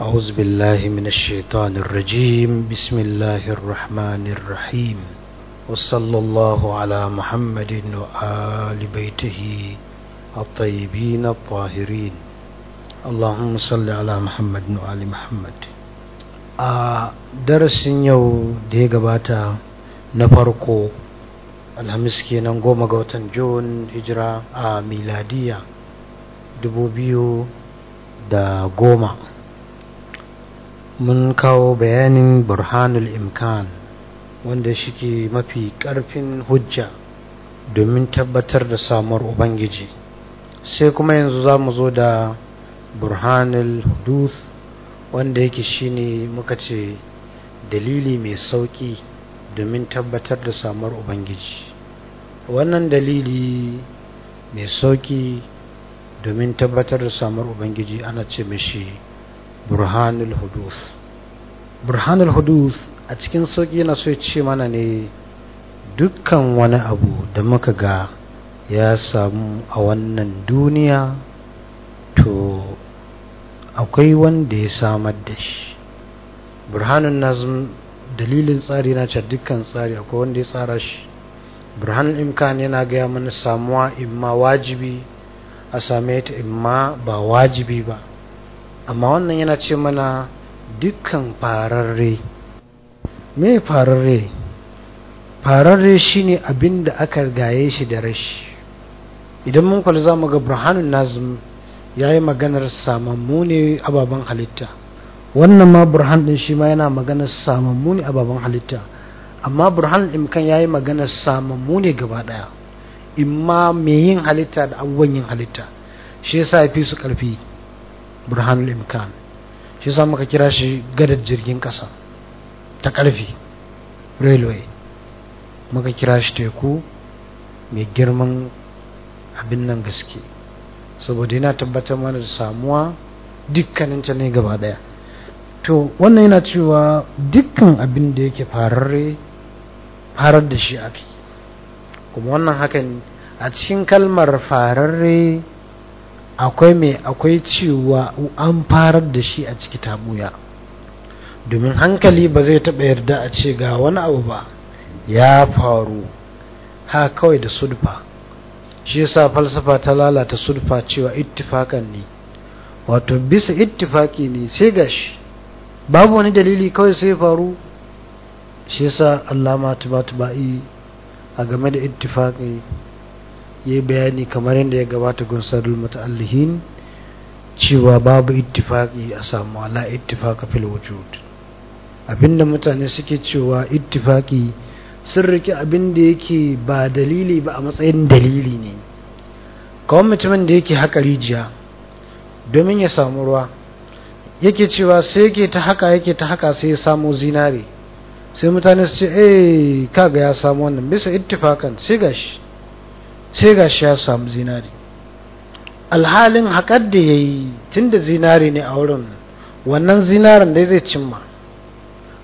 أعوذ بالله من الشيطان الرجيم بسم الله الرحمن الرحيم وصلى الله على محمد وآل بيته الطيبين الطاهرين اللهم صل على محمد وآل محمد a darasin yau da ya gabata na farko alhamis kenan goma ga watan jun hijira da goma mun kawo bayanin burhanul imkan wanda shike mafi ƙarfin hujja domin tabbatar da samuwar ubangiji sai kuma yanzu za mu zo da burhanul huduth wanda yake shine muka ce dalili mai sauƙi domin tabbatar da samuwar ubangiji wannan dalili mai sauƙi domin tabbatar da samuwar ubangiji ana ce mashi burhanul hudus burhanul hudus a cikin sauƙi yana so ya ce mana ne dukkan wani abu da muka ga ya samu a wannan duniya to akwai wanda ya samar da shi burhanun nazm dalilin tsari na ce dukkan tsari akwai wanda ya tsara shi burhanul imkan yana gaya mana samuwa imma wajibi a same ta imma ba wajibi ba amma wannan yana ce mana dukkan fararre me fararre fararre shine abin da aka gaye shi da rashi idan mun kwalli za mu ga burhanun nazim ya yi maganar samammu ne ababen halitta wannan ma burhan din shi ma yana maganar samammu ne ababen halitta amma burhan imkan ya yi maganar samammu ne gaba daya imma mai yin halitta da abubuwan yin halitta shi yasa ya fi su karfi burhanul imkan shi sa muka kira shi gadar jirgin ƙasa ta ƙarfi railway muka kira shi teku mai girman abin nan gaske saboda yana tabbatar mana da samuwa dukkaninta ne gaba daya to wannan yana cewa dukkan abin da yake fararre farar da shi ake kuma wannan hakan a cikin kalmar fararre akwai mai akwai cewa an farar da shi a ciki tabuya domin hankali ba zai taɓa yarda a ce ga wani abu ba ya faru ha kawai da sulfa shi yasa falsafa ta lalata sulfa cewa ittifakan ne wato bisa ittifaki ne sai gashi babu wani dalili kawai sai faru shi yasa allama tubatubai a game da ittifaki ya bayani kamar yadda ya gabata gunsarul mata'allihin cewa babu ittifaki a samu ala ittifaka fil wujud abinda mutane suke cewa ittifaki sun rike abinda yake ba dalili ba a matsayin dalili ne kawai mutumin da yake haka rijiya domin ya samu ruwa yake cewa sai yake ta haka yake ta haka sai ya samu zinare sai mutane su ce eh kaga ya samu wannan bisa ittifakan sai gashi sai ga shi ya samu zinari alhalin haƙar da ya yi tun da zinari ne a wurin wannan zinarin da zai cimma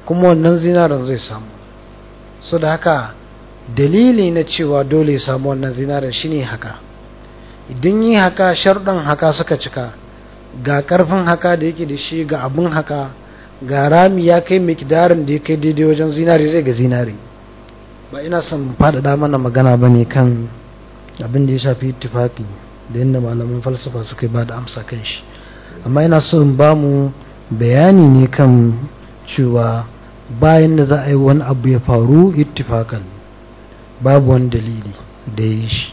kuma wannan zinarin zai samu su da haka dalili na cewa dole ya samu wannan zinarin shine haka idan yi haka sharɗin haka suka cika ga ƙarfin haka da yake da shi ga abin haka ga rami ya kai mikidarin da ya kai daidai wajen zinari zai ga zinari ba ina son faɗaɗa mana magana ba ne kan abin da ya shafi ittifaki da yadda malaman falsafa suka ba da amsa kan shi amma yana so in ba mu bayani ne kan cewa bayan da za a yi wani abu ya faru ittifakan babu wani dalili da ya yi shi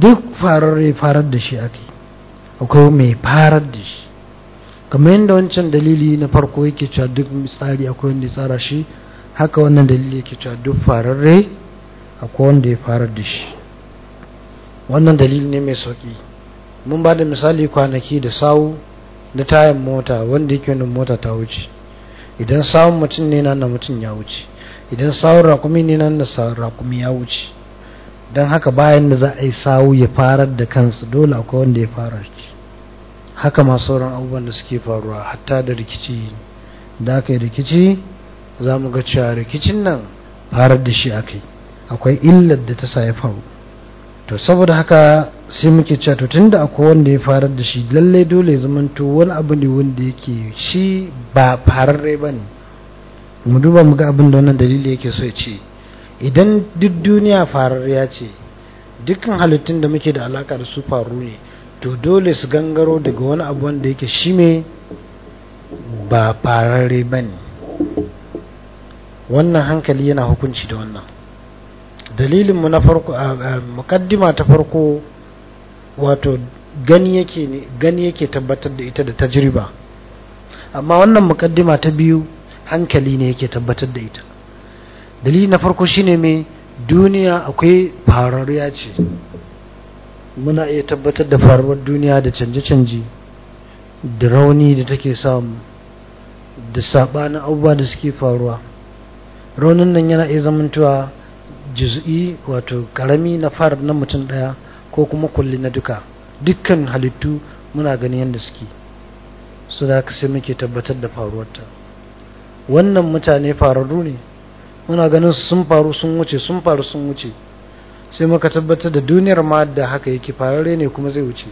duk farar ya farar da shi ake akwai mai farar da shi kamar yadda wancan dalili na farko yake cewa duk tsari akwai wanda ya tsara shi haka wannan dalili yake cewa duk fararre akwai wanda ya farar da shi wannan dalili ne mai sauki mun ba da misali kwanaki da sawu na tayan mota wanda yake wani mota ta wuce idan sawun mutum ne nan na mutum ya wuce idan sawun rakumi ne nan na sawun rakumi ya wuce don haka bayan da za a yi sawu ya farar da kansa dole akwai wanda ya fara shi haka ma sauran abubuwan da suke faruwa hatta da rikici da aka yi rikici za mu ga cewa rikicin nan farar da shi aka akwai illar da ta sa ya faru to saboda haka sai muke cewa to tunda akwai wanda ya farar da shi lallai dole zama to wani abu ne wanda yake shi ba fararre ba ne mu duba mu ga abin da wannan dalili yake so ya ce idan duk duniya ya ce dukkan halittun da muke da alaka da su faru ne to dole su gangaro daga wani abu wanda yake shi me ba fararre ba ne wannan hankali yana hukunci da wannan dalilinmu na farko mukaddima ta farko wato gani yake gani yake tabbatar da ita da tajriba amma wannan mukaddima ta biyu hankali ne yake tabbatar da ita dalili na farko shine mai duniya akwai farariya ce muna iya tabbatar da faruwar duniya da canje-canje da rauni da take samu da sabanin abubuwa da suke faruwa raunin nan yana iya zamantowa juz'i wato karami na far na mutum daya ko kuma kulli na duka dukkan halittu muna gani yadda suke su da sai muke tabbatar da faruwarta wannan mutane fararru ne muna ganin sun faru sun wuce sun faru sun wuce sai muka tabbatar da duniyar ma da haka yake farare ne kuma zai wuce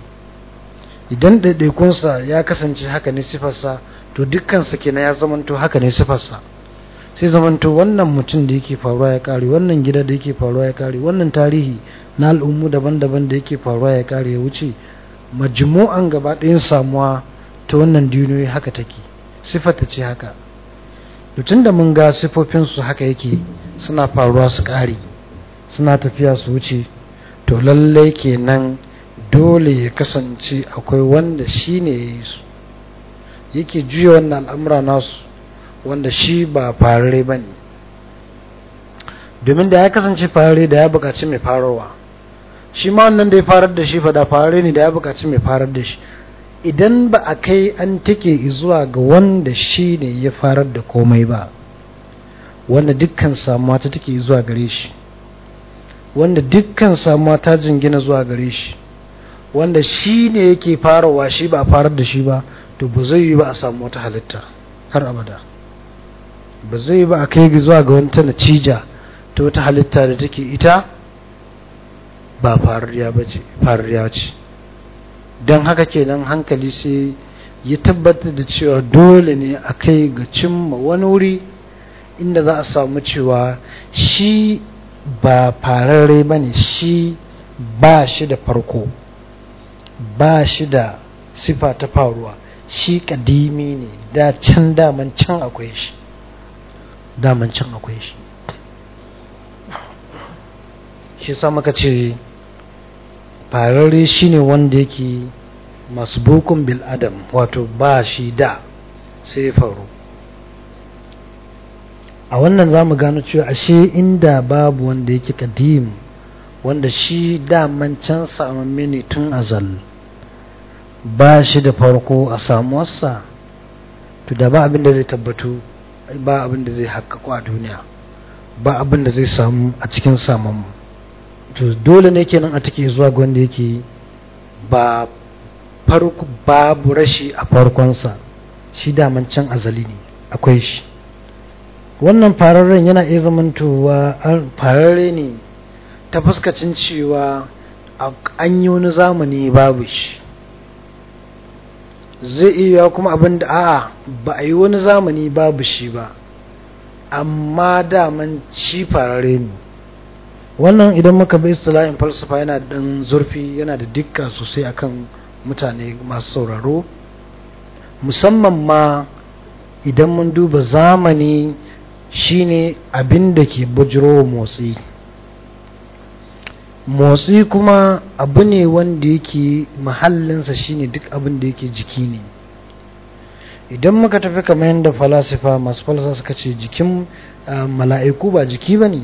idan ɗaiɗaikunsa ya kasance haka ne sifarsa to dukkansa kenan ya zamanto haka ne sifarsa sai zamanta wannan mutum da yake faruwa ya kare wannan gida da yake faruwa ya kare wannan tarihi na al'ummu daban-daban da yake faruwa ya kare ya wuce majmu'an gaba ɗayan samuwa ta wannan duniyoyi haka take sifata ce haka tun da mun ga sifofinsu haka yake suna faruwa su kare suna tafiya su wuce to lallai kenan dole ya kasance akwai wanda shi ne ya yi su yake juya wannan al'amura nasu wanda shi ba farare ba ne domin da ya kasance farare da ya bukaci mai farowa shi ma wannan da ya farar da shi fada farare ne da ya bukaci mai farar da shi idan ba a kai an take zuwa ga wanda shi ne ya farar da komai ba wanda dukkan samuwa ta take zuwa gare shi wanda dukkan samuwa ta jingina zuwa gare shi wanda shi ne yake farawa shi ba farar da shi ba to ba zai yi ba a samu wata halitta har abada ba zai ba a kai zuwa ga wani tana cija ta wata halitta da take ita ba farariya ce don haka kenan hankali sai ya tabbatar da cewa dole ne a kai ga cimma wani wuri inda za a samu cewa shi ba fararre ba ne shi ba shi da farko ba shi da sifa ta faruwa shi kadimi ne da can daman can akwai shi daman can akwai shi shi sa maka ce fararre ne wanda yake masbukun bil bil'adam wato ba shi da sai faru a wannan za mu gano cewa ashe inda babu wanda yake kadim wanda shi daman can samamme ne tun azal ba shi da farko a samuwarsa to da ba abin da zai tabbatu ba abin da zai haƙaƙo a duniya ba abin da zai samu a cikin samun to dole ne kenan a take zuwa ga yake ba farko babu rashi a farkonsa shi daman can azali ne akwai shi wannan fararren yana iya zamantowa fararre ne ta fuskacin cewa an yi wani zamani babu shi zai iya kuma abin da a'a ba a yi wani zamani babu shi ba amma daman ci farare ne wannan idan muka bi istila'in falsafa yana dan zurfi yana da dikka sosai akan mutane masu sauraro musamman ma idan mun duba zamani shine abin da ke bujiro motsi motsi kuma abu ne wanda yake mahallinsa shine duk abin da yake jiki ne idan muka tafi kamar yadda falasifa masu falasa suka ce jikin mala'iku ba jiki ba ne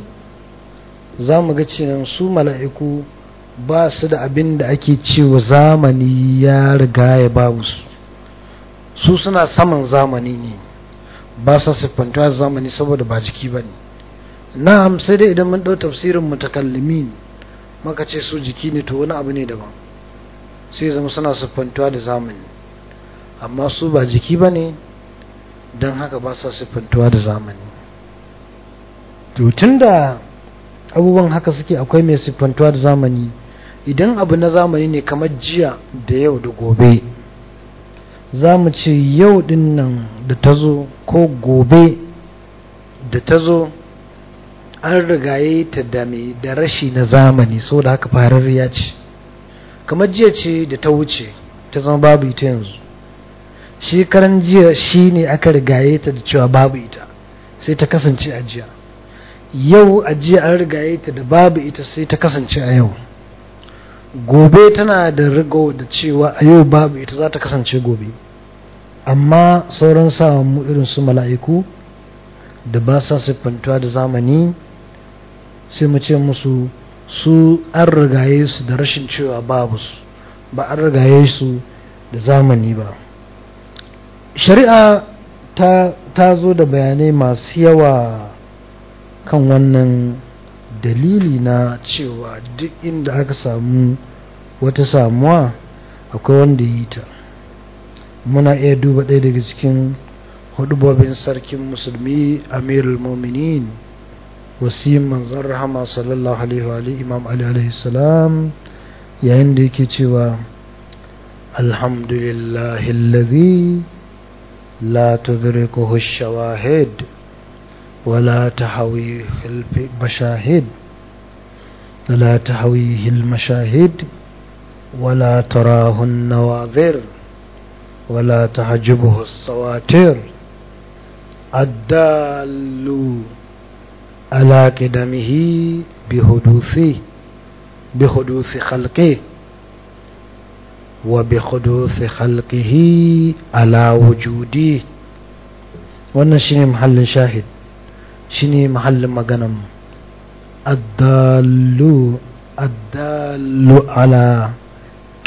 za mu ga cinan su mala'iku ba su da abin da ake cewa zamani ya riga ya babu su su suna saman zamani ne ba sa siffantuwa zamani saboda ba jiki ba ne na sai dai idan mun ɗau tafsirin mutakallimin maka ce su jiki ne to wani abu ne daban sai zama suna siffantuwa da zamani amma su ba jiki ba ne don haka ba sa siffantuwa da zamani to tun da abubuwan haka suke akwai mai siffantuwa da zamani idan abu na zamani ne kamar jiya da yau da gobe za mu ce yau din nan da ta zo ko gobe da ta zo an riga rigaye ta dame da rashi na zamani so da haka fararriya ce kamar jiya ce da ta wuce ta zama babu ita yanzu shi karan jiya shi ne aka ya ta da cewa babu ita sai ta kasance a jiya yau a jiya an riga ya ta da babu ita sai ta kasance a yau gobe tana da rigo da cewa a yau babu ita za ta kasance gobe amma sauran samun irin su mala'iku da ba sa siffantuwa da zamani sai mu ce musu su an rigaye su da rashin cewa babu su ba an rigaye su da zamani ba shari'a ta zo da bayanai masu yawa kan wannan dalili na cewa duk inda aka samu wata samuwa akwai wanda yi ta muna iya duba ɗaya daga cikin hudubobin sarkin musulmi amirul muminin وسيم manzon rahama sallallahu alaihi wa imam ali alaihi salam yayin da yake cewa alhamdulillahi alladhi la tudrikuhu ash-shawahid ولا تهويه المشاهد ولا تهويه المشاهد ولا تراه النواظر ولا تعجبه الصواتر الدال على قدمه بحدوث بحدوث خلقه وبحدوث خلقه على وجوده وانا شني محل شاهد شني محل مغنم الدال الدال على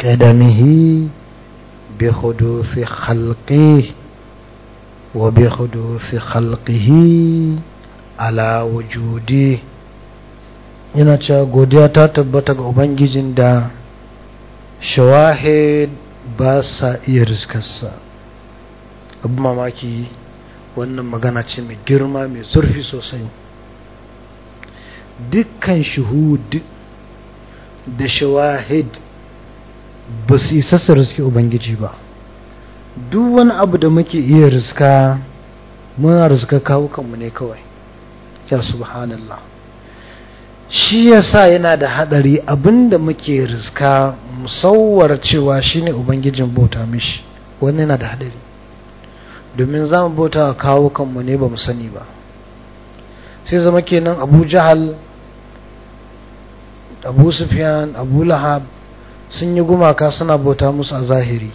قدمه بحدوث خلقه وبحدوث خلقه ala wujudi yana cewa godiya ta tabbata ga ubangijin da shawahid ba sa iya riskarsa abu mamaki wannan magana ce mai girma mai zurfi sosai dukkan shuhud da shawahid ba su isa su riski ubangiji ba duk wani abu da muke iya riska muna riska kawukanmu ne kawai ya subhanallah shi yasa yana da hadari abinda muke riska musawwar cewa shine ubangijin bauta mishi wani yana da hadari domin za mu bauta kawo kanmu ne ba mu sani ba sai zama kenan abu jahal abu sufyan abu lahab sun yi gumaka suna bauta musu a zahiri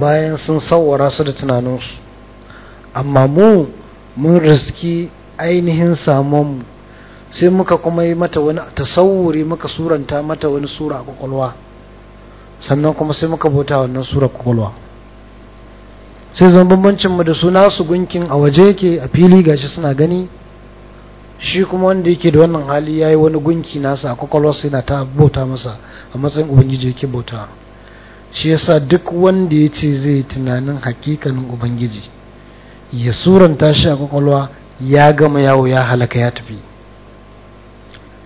bayan sun sauwara su da tunaninsu amma mu mun riski ainihin samonmu sai muka kuma yi mata wani tasawuri muka suranta mata wani sura a kwakwalwa sannan kuma sai muka bauta wannan sura kwakwalwa sai zan mu da suna su gunkin a waje ke a fili gashi suna gani shi kuma wanda yake da wannan hali ya yi wani gunki nasa a kwakwalwa sai na ta bauta masa a matsayin ubangiji yake bauta shi yasa duk wanda ya ce zai tunanin hakikanin ubangiji ya suranta shi a kwakwalwa ya gama yawo ya halaka ya tafi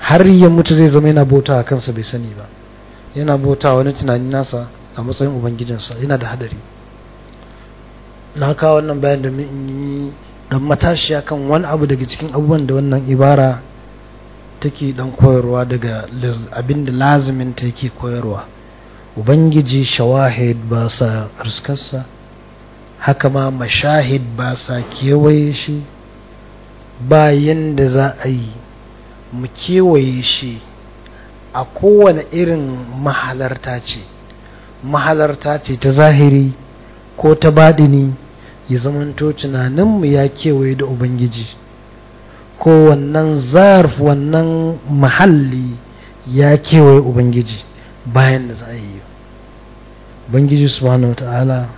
har ya mutu zai zama yana bauta a kansa bai sani ba yana bauta wani tunanin nasa a matsayin ubangijinsa yana da hadari na kawo wannan bayan da yi dan matashiya kan wani abu daga cikin abubuwan da wannan ibara take dan koyarwa daga abin da lazimin ta yake koyarwa ubangiji shawahid ba sa haka ma mashahid ba sa kewaye shi bayan da za a yi mu kewaye shi a kowane irin mahalarta ce mahalarta ce ta zahiri ko ta baɗini ya zamanto tunaninmu ya kewaye da ubangiji ko wannan zarf wannan mahalli ya kewaye ubangiji bayan da za a yi ubangiji subhanahu wa ta'ala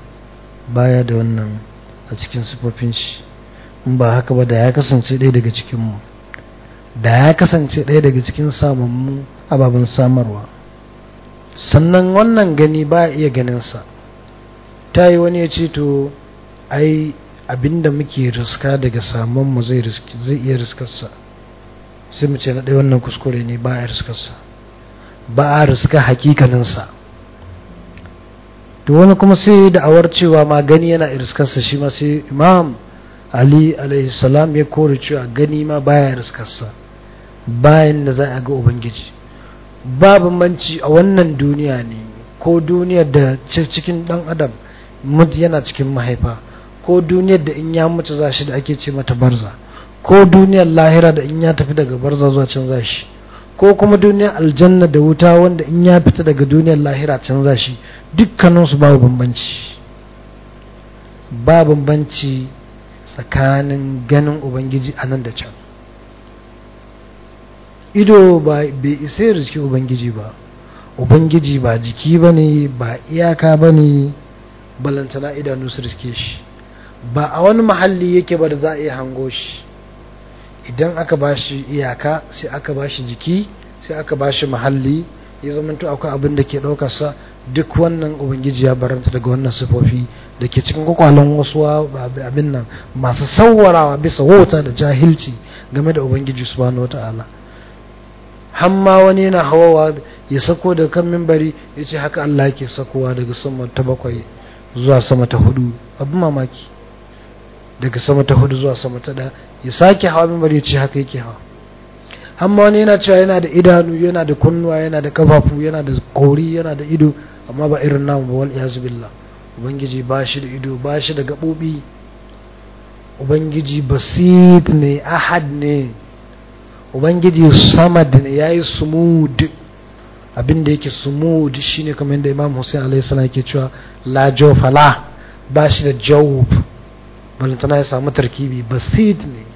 baya da wannan a cikin sufofin shi in ba haka ba da ya kasance ɗaya daga cikinmu da ya kasance ɗaya daga cikin samunmu ababen samarwa sannan wannan gani ba iya ganinsa ta yi wani ya ce to ai abinda muke riska daga samunmu zai iya riskarsa sai mu ce na ɗaya wannan kuskure ne ba a riskarsa ba a riska hakikaninsa to wani kuma sai da awar cewa ma gani yana iriskarsa shi ma sai imam ali salam ya kore cewa gani ma baya riskarsa bayan da za a ga ubangiji babu manci a wannan duniya ne ko duniya da cikin dan adam yana cikin mahaifa ko duniyar da in ya mutu za shi da ake ce mata barza ko duniyar lahira da in ya tafi daga barza zuwa can za shi ko kuma duniyar aljanna da wuta wanda in ya fita daga duniyar lahira can za shi dukkaninsu babu bambanci ba bambanci tsakanin ganin ubangiji a nan da can ido ba bai isa ya riski ubangiji ba ubangiji ba jiki ba ne ba iyaka ba ne balantana idanu su riske shi ba a wani mahalli yake ba da za a iya hango shi idan aka ba shi iyaka sai aka ba shi jiki sai aka ba shi mahalli ya to akwai abin da ke ɗaukarsa duk wannan ubangiji ya baranta daga wannan sifofi da ke cikin kwakwalon wasu abin nan masu sauwarawa bisa wauta da jahilci game da ubangiji subhanahu wata'ala hamma wani yana hawawa ya sako da kan mimbari ya ce haka Allah ke sakowa daga sama ta bakwai zuwa sama ta hudu abu mamaki daga sama ta hudu zuwa sama ta ɗaya ya sake hawa mimbari ya ce haka yake hawa amma wani yana cewa yana da idanu yana da kunnuwa yana da kafafu yana da kori yana da ido amma ba irin namu ba wal iyazu billah ubangiji ba shi da ido ba shi da gabobi ubangiji basit ne ahad ne ubangiji samad ne yayi sumud abin da yake sumud shine kamar yadda imam hussein Alai salam yake cewa la jawfala ba shi da jawb balantana ya samu tarkibi basit ne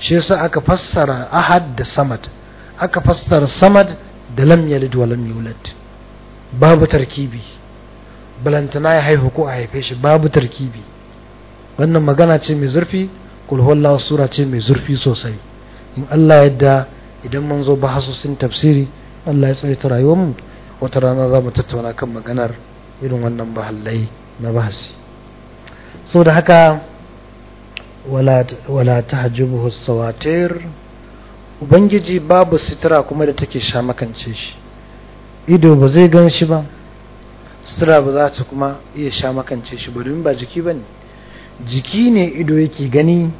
shi yasa aka fassara ahad da samad aka fassara samad da lam yalid wa lam yulad babu tarkibi balantana ya haihu ko a haife shi babu tarkibi wannan magana ce mai zurfi kulhuwallahu sura ce mai zurfi sosai in Allah yadda idan mun zo bahasusin tafsiri Allah ya tsawaita rayuwarmu wata rana za mu tattauna kan maganar irin wannan bahallai na bahasi so da haka wala tahjubuhu sawatir ubangiji babu sitira kuma da take sha makance shi ido ba zai gan shi ba sitira ba za ta kuma iya sha makance shi ba domin ba jiki ba ne jiki ne ido yake gani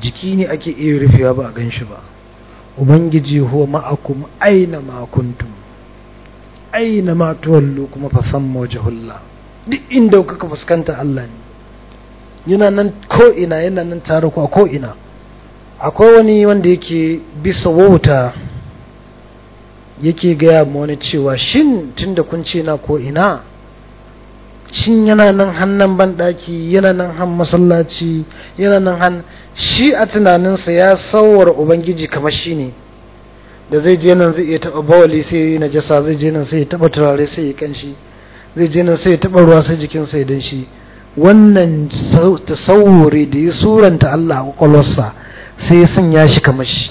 jiki ne ake iya rufewa ba a gan shi ba ubangiji huwa ma'akum aina ma kuntum aina ma tuwallu kuma fa samma wajhullah duk inda kuka fuskanta Allah ne yana nan ko'ina yana nan ku a ko'ina akwai wani wanda yake bisa wauta yake gaya ma wani cewa shin tunda kun ce na ko'ina shin yana nan hannun banɗaki yana nan han masallaci yana nan han shi a tunaninsa ya sauwar ubangiji kamar shi ne da zai je nan zai iya taɓa bawali sai ya najasa zai je nan sai ya taɓa turare sai ya kanshi zai je nan sai ya taɓa ruwa sai jikinsa ya danshi shi wannan tasawuri da ya suranta Allah a kwakwalwarsa sai ya sanya shi kamar shi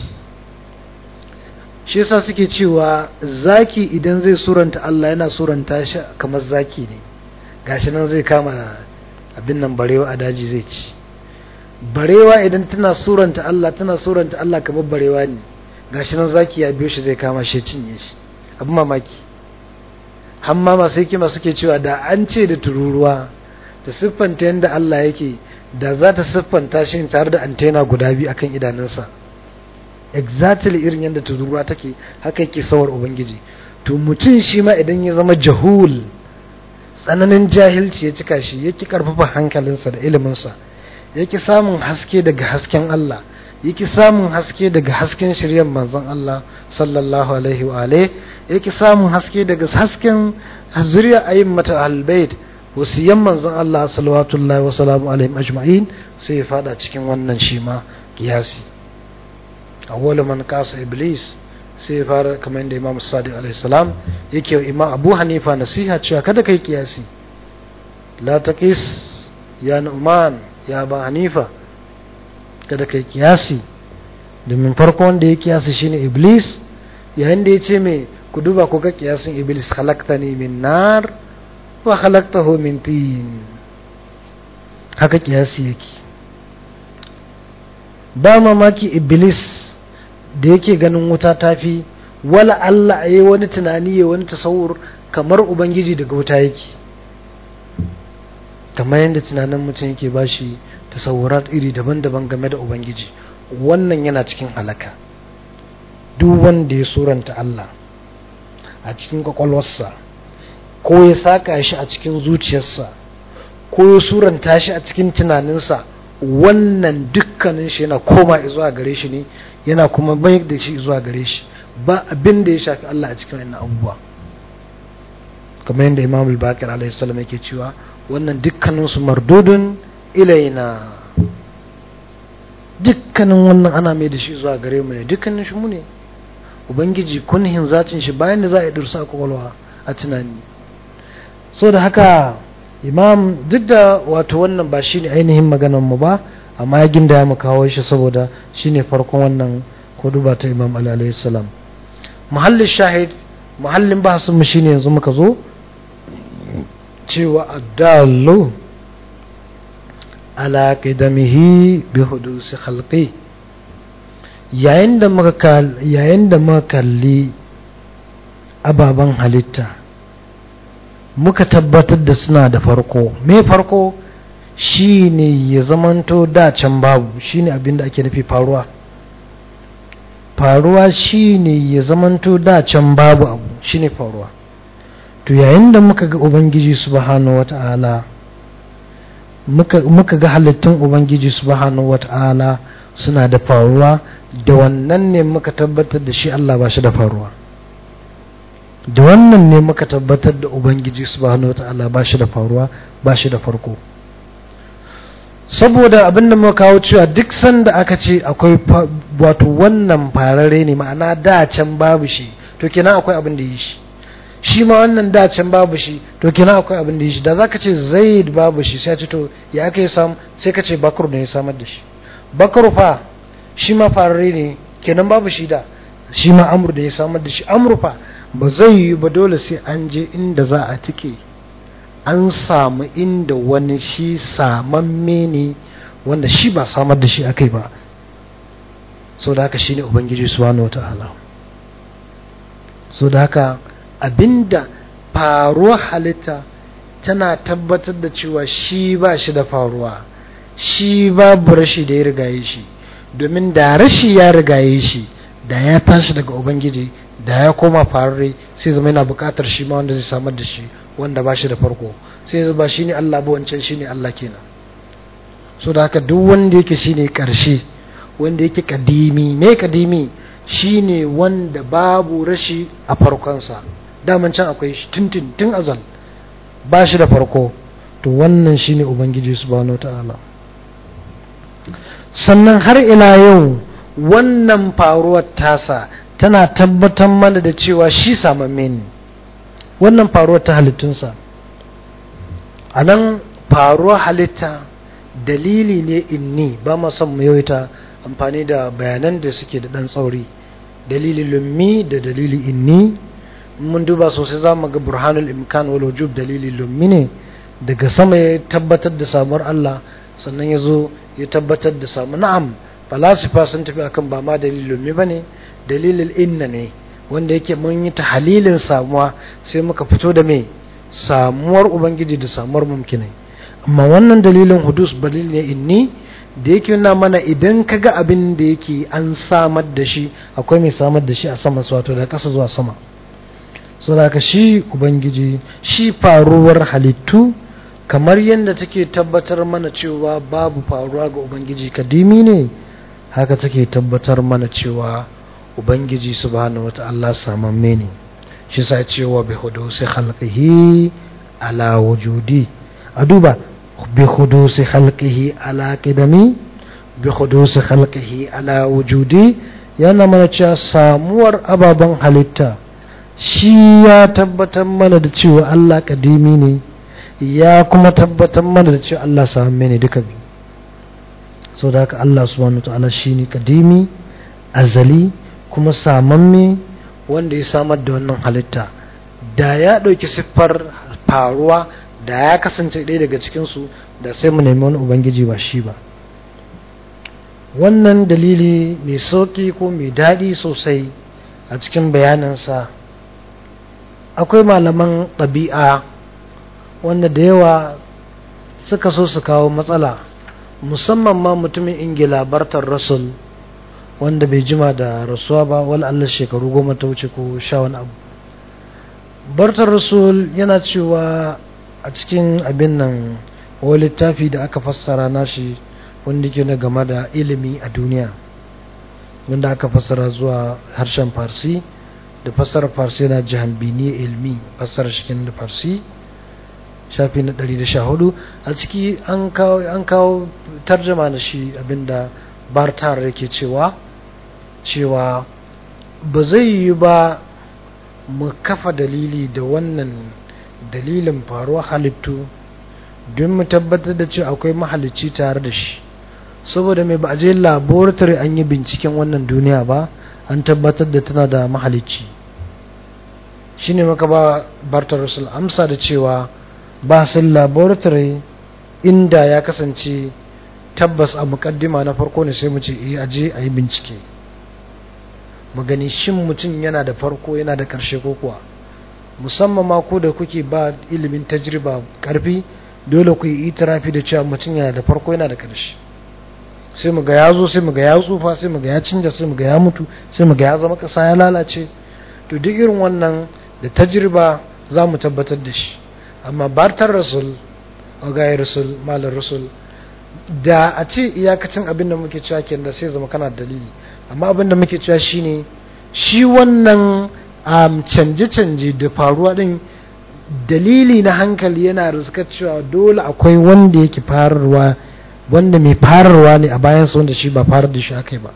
shi yasa suke cewa zaki idan zai suranta Allah yana suranta shi kamar zaki ne gashi nan zai kama abin nan barewa a daji zai ci barewa idan tana suranta Allah tana suranta Allah kamar barewa ne gashi nan zaki ya biyo shi zai kama shi cinye shi abin mamaki hamma masu hikima suke cewa da an ce da tururuwa ta siffanta yadda Allah yake da za ta siffanta shi tare da antena guda biyu akan idanunsa exactly irin yadda tururuwa take haka yake sawar ubangiji to mutum shi ma idan ya zama jahul tsananin jahilci ya cika shi yake karfafa hankalinsa da iliminsa yake samun haske daga hasken Allah yake samun haske daga hasken shiryan manzon Allah sallallahu alaihi wa yake samun haske daga hasken zuriya ayin mata albayt wasiyan manzon Allah salawatullahi wa salamu alaihim ajma'in sai ya fada cikin wannan shi ma kiyasi awwalu man qasa iblis sai ya fara kamar da Imam Sadiq alaihi salam yake wa Imam Abu Hanifa nasiha cewa kada kai kiyasi la taqis ya Nu'man ya ba Hanifa kada kai kiyasi domin farko wanda ya kiyasi shine iblis yayin da ya ce mai ku duba ku ga kiyasin iblis ne min nar wa khalaqtahu min tin haka kiyasi yake ba mamaki iblis da yake ganin wuta tafi wala Allah a wani tunani ya wani tasawur kamar ubangiji daga wuta yake kamar yadda tunanin mutum yake ba shi tasawurat iri daban-daban game da ubangiji wannan yana cikin halaka duk wanda ya suranta Allah a cikin kwakwalwarsa ko ya saka shi a cikin zuciyarsa ko ya suranta shi a cikin tunaninsa wannan dukkanin shi yana koma zuwa gare shi ne yana kuma mayar da shi zuwa gare shi ba abin da ya shafi Allah a cikin wannan abubuwa kamar yadda Imam al-Baqir alayhi salam yake cewa wannan dukkanin su mardudun ilaina dukkanin wannan ana mai da shi zuwa gare mu ne dukkanin shi mu ne ubangiji kunhin zatin shi bayan da za a yi dursa kwakwalwa a tunani so da haka imam duk da wato wannan ba shi ne ainihin maganarmu mu ba amma ya ginda ya mu kawo shi saboda shi ne farkon wannan kuduba ta imam ali alayhi salam muhallin shahid muhallin bahasin mu ne yanzu muka zo cewa adalu ala qidamihi bi hudusi khalqi yayin da muka kalli ababen halitta muka tabbatar da suna da farko me farko shine ya zamanto dacen babu shine ne abinda ake nufi faruwa faruwa shine ya zamanto dacen babu abu shine faruwa to yayin da muka ga ubangiji subhanahu wata'ala muka muka ga halittun ubangiji subhanahu wata'ala suna da faruwa da wannan ne muka tabbatar da shi Allah ba shi da faruwa da wannan ne muka tabbatar da ubangiji subhanahu ala ba shi da faruwa ba shi da farko saboda abin da muka kawo cewa duk sanda aka ce akwai wato wannan farare ne ma'ana da can babu shi to kenan akwai abin da yi shi shi ma wannan da can babu shi to kenan akwai abin da yi shi da za ka ce zaid babu shi sai ce to ya aka yi samu sai ka ce bakar ne ya samar da shi bakar fa shi ma farare ne kenan babu shi da shi ma amur da ya samar da shi amur fa ba zai yi ba dole sai an je inda za a tike an samu inda wani shi saman ne wanda shi ba samar da shi akai ba so da haka shi ne ubangiji wata ala so da haka abinda faruwa halitta tana tabbatar da cewa shi ba shi da faruwa shi babu rashi da ya rigaye shi domin da rashi ya rigaye shi da ya tashi daga ubangiji da ya koma farare sai zama yana buƙatar shi ma wanda zai samar da shi wanda ba shi da farko sai zama shi ne Allah ba wancan shi ne Allah kenan so da haka duk wanda yake shi ne ƙarshe wanda yake kadimi me kadimi shi ne wanda babu rashi a farkonsa daman can akwai shi tun azal ba shi da farko to wannan shi ne ubangiji subhanahu ta'ala sannan har ila yau wannan faruwar tasa tana tabbatar mana da cewa shi samamme ne wannan faruwar ta halittunsa a nan faruwar halitta dalili ne inni ba ma son mu yawaita amfani da bayanan da suke da ɗan tsauri dalili lummi da dalili inni mun duba sosai za mu ga burhanul imkan wal wujub dalili lummi ne daga sama ya tabbatar da samuwar Allah sannan ya zo ya tabbatar da samu na'am falasifa sun tafi akan ba ma dalilin mi bane dalilin inna ne wanda yake mun yi ta halilin samuwa sai muka fito da mai samuwar ubangiji da samuwar mumkin amma wannan dalilin hudus balil ne inni da yake nuna mana idan ka ga abin da yake an samar da shi akwai mai samar da shi a sama wato da ƙasa zuwa sama so da shi ubangiji shi faruwar halittu kamar yadda take tabbatar mana cewa babu faruwa ga ubangiji kadimi ne haka take tabbatar mana cewa ubangiji subhanahu wata'ala samamme ne shi sa cewa bi hudusi khalqihi ala wujudi a duba bi hudusi khalqihi ala qidami bi hudusi khalqihi ala wujudi yana mana cewa samuwar ababen halitta shi ya tabbatar mana da cewa Allah kadimi ne ya kuma tabbatar mana da cewa Allah samamme ne duka biyu saboda haka Allah subhanahu ta'ala shine kadimi azali kuma samamme wanda ya samar da wannan halitta da ya ɗauki siffar faruwa da ya kasance ɗaya daga cikinsu da sai mu nemi wani ubangiji ba shi ba wannan dalili mai sauƙi ko mai daɗi sosai a cikin bayaninsa akwai malaman ɗabi'a wanda da yawa suka so su kawo matsala musamman ma mutumin ingila bartar rasul wanda bai jima da rasuwa ba wal allah shekaru goma ta wuce ko sha wani abu bartar rasul yana cewa a cikin abin nan wani littafi da aka fassara nashi wanda ke na game da ilimi a duniya wanda aka fassara zuwa harshen farsi da fassarar farsi na jihambini ilmi fassarar shikin da farsi shafi na 114 a ciki an kawo an tarjama na shi abinda bartar yake cewa cewa ba zai yi ba mu kafa dalili da wannan dalilin faruwa halittu don mu tabbatar da cewa akwai mahalicci tare da shi saboda mai ba a je laboratory an yi binciken wannan duniya ba an tabbatar da tana da mahalicci shine maka ba bartar amsa da cewa basin laboratory inda ya kasance tabbas a mukaddima na farko ne sai mu ce eh, a je a yi bincike mu gani shin mutum yana da farko yana da ƙarshe ko kuwa musamman ma ko da kuke ba ilimin tajriba karfi dole ku yi itirafi da cewa mutum yana da farko yana da karshe sai mu ga ya zo sai mu ga ya tsufa sai mu ga ya canja sai mu ga ya mutu sai mu ga ya zama kasa ya lalace to duk irin wannan da tajriba za mu tabbatar da shi amma bartar rasul ogaye rasul malar rasul da a ce iyakacin abin da muke cewa ke da sai zama kana dalili amma abin da muke cewa shine shi wannan canje-canje da faruwa din dalili na hankali yana riskar cewa dole akwai wanda yake fararwa wanda mai fararwa ne a bayansa wanda shi ba farar da shi aka yi ba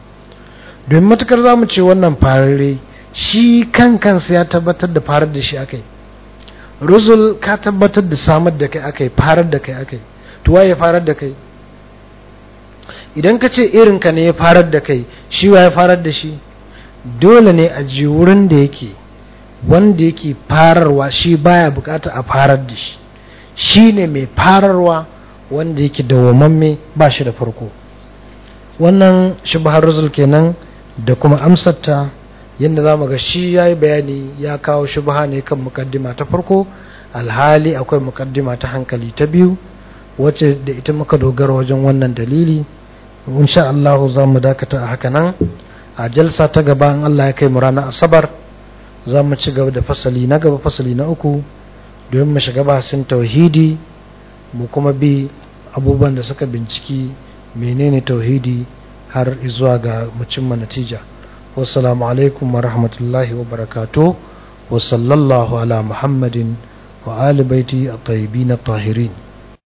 domin matukar za mu ce wannan farare shi kan ya tabbatar da farar da shi aka yi ruzul ka tabbatar da samar da kai yi farar da kai yi tuwa ya farar da kai idan ka ce irinka ne ya farar da kai shi wa ya farar da shi dole ne a ji wurin da yake wanda yake fararwa shi baya bukata a farar da shi shi ne mai fararwa wanda yake dawwamamme ba shi da farko wannan shubhar ruzul kenan da kuma amsarta yadda za mu ga shi ya yi bayani ya kawo shubha ne kan mukaddima ta farko alhali akwai mukaddima ta hankali ta biyu wacce da ita muka dogara wajen wannan dalili insha Allah za mu dakata a haka nan a jalsa ta gaba in Allah ya kai mu ranar asabar za mu ci gaba da fasali na gaba fasali na uku domin mu shiga bahasin tauhidi mu kuma bi abubuwan da suka binciki menene tauhidi har zuwa ga mu cimma natija wasu alaikum wa rahmatullahi wa barakato wa sallallahu ala muhammadin wa alibaiti a tahirin